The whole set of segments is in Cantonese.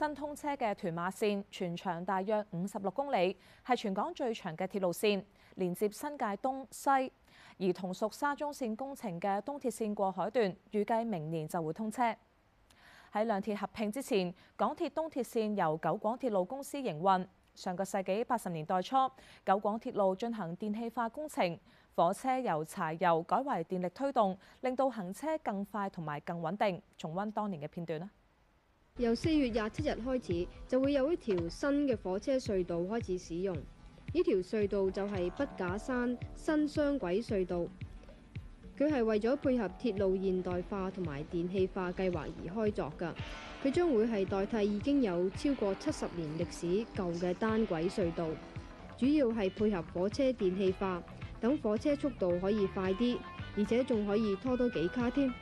新通車嘅屯馬綫，全長大約五十六公里，係全港最長嘅鐵路綫，連接新界東西，而同屬沙中綫工程嘅東鐵綫過海段，預計明年就會通車。喺兩鐵合併之前，港鐵東鐵綫由九廣鐵路公司營運，上個世紀八十年代初，九廣鐵路進行電氣化工程，火車由柴油改為電力推動，令到行車更快同埋更穩定，重溫當年嘅片段啦。由四月廿七日開始，就會有一條新嘅火車隧道開始使用。呢條隧道就係筆架山新雙軌隧道，佢係為咗配合鐵路現代化同埋電氣化計劃而開鑿㗎。佢將會係代替已經有超過七十年歷史舊嘅單軌隧道，主要係配合火車電氣化，等火車速度可以快啲，而且仲可以拖多幾卡添。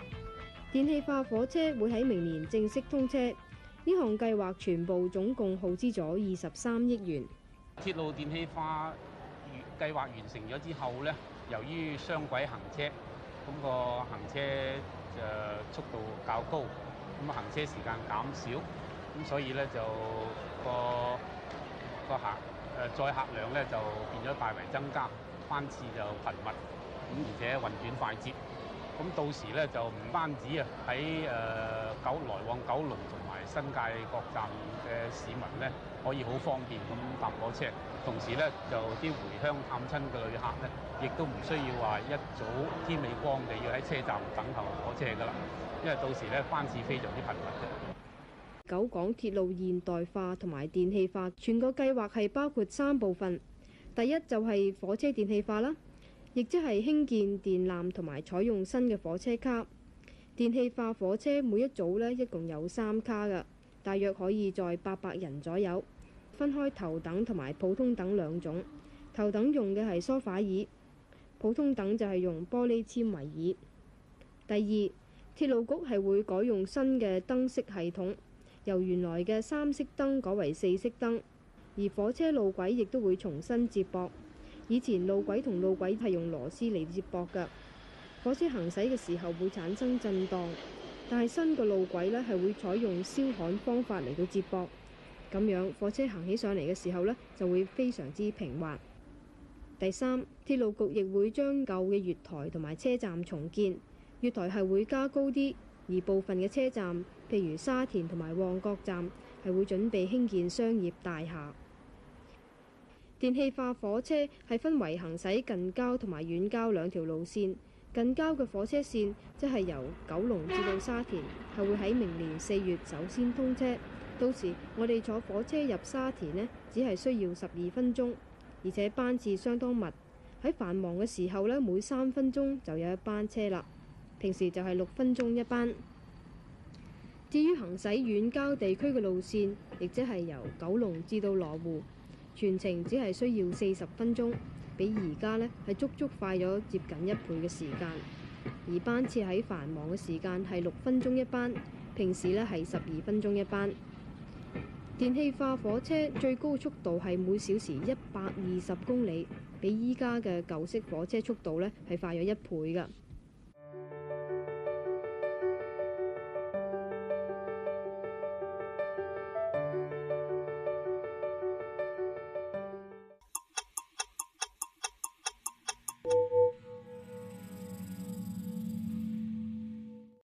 電氣化火車會喺明年正式通車，呢項計劃全部總共耗資咗二十三億元。鐵路電氣化計劃完成咗之後咧，由於雙軌行車，咁個行車就速度較高，咁行車時間減少，咁所以咧就個個客誒、呃、載客量咧就變咗大為增加，班次就頻密，咁而且運轉快捷。咁到時咧就唔單止啊，喺誒九來往九龍同埋新界各站嘅市民咧，可以好方便咁搭火車。同時咧，就啲回鄉探親嘅旅客咧，亦都唔需要話一早天未光就要喺車站等候火車噶啦，因為到時咧班次非常之頻密嘅。九廣鐵路現代化同埋電氣化全個計劃係包括三部分，第一就係火車電氣化啦。亦即係興建電纜同埋採用新嘅火車卡、電氣化火車，每一組呢，一共有三卡㗎，大約可以在八百人左右，分開頭等同埋普通等兩種。頭等用嘅係梳化椅，普通等就係用玻璃纖維椅。第二，鐵路局係會改用新嘅燈色系統，由原來嘅三色燈改為四色燈，而火車路軌亦都會重新接駁。以前路軌同路軌係用螺絲嚟接駁㗎，火車行駛嘅時候會產生震盪，但係新嘅路軌呢係會採用燒焊方法嚟到接駁，咁樣火車行起上嚟嘅時候呢就會非常之平滑。第三，鐵路局亦會將舊嘅月台同埋車站重建，月台係會加高啲，而部分嘅車站，譬如沙田同埋旺角站，係會準備興建商業大廈。電氣化火車係分為行駛近郊同埋遠郊兩條路線。近郊嘅火車線即係由九龍至到沙田，係會喺明年四月首先通車。到時我哋坐火車入沙田呢，只係需要十二分鐘，而且班次相當密。喺繁忙嘅時候呢，每三分鐘就有一班車啦。平時就係六分鐘一班。至於行駛遠郊地區嘅路線，亦即係由九龍至到羅湖。全程只係需要四十分鐘，比而家呢係足足快咗接近一倍嘅時間。而班次喺繁忙嘅時間係六分鐘一班，平時呢係十二分鐘一班。電氣化火車最高速度係每小時一百二十公里，比依家嘅舊式火車速度呢係快咗一倍㗎。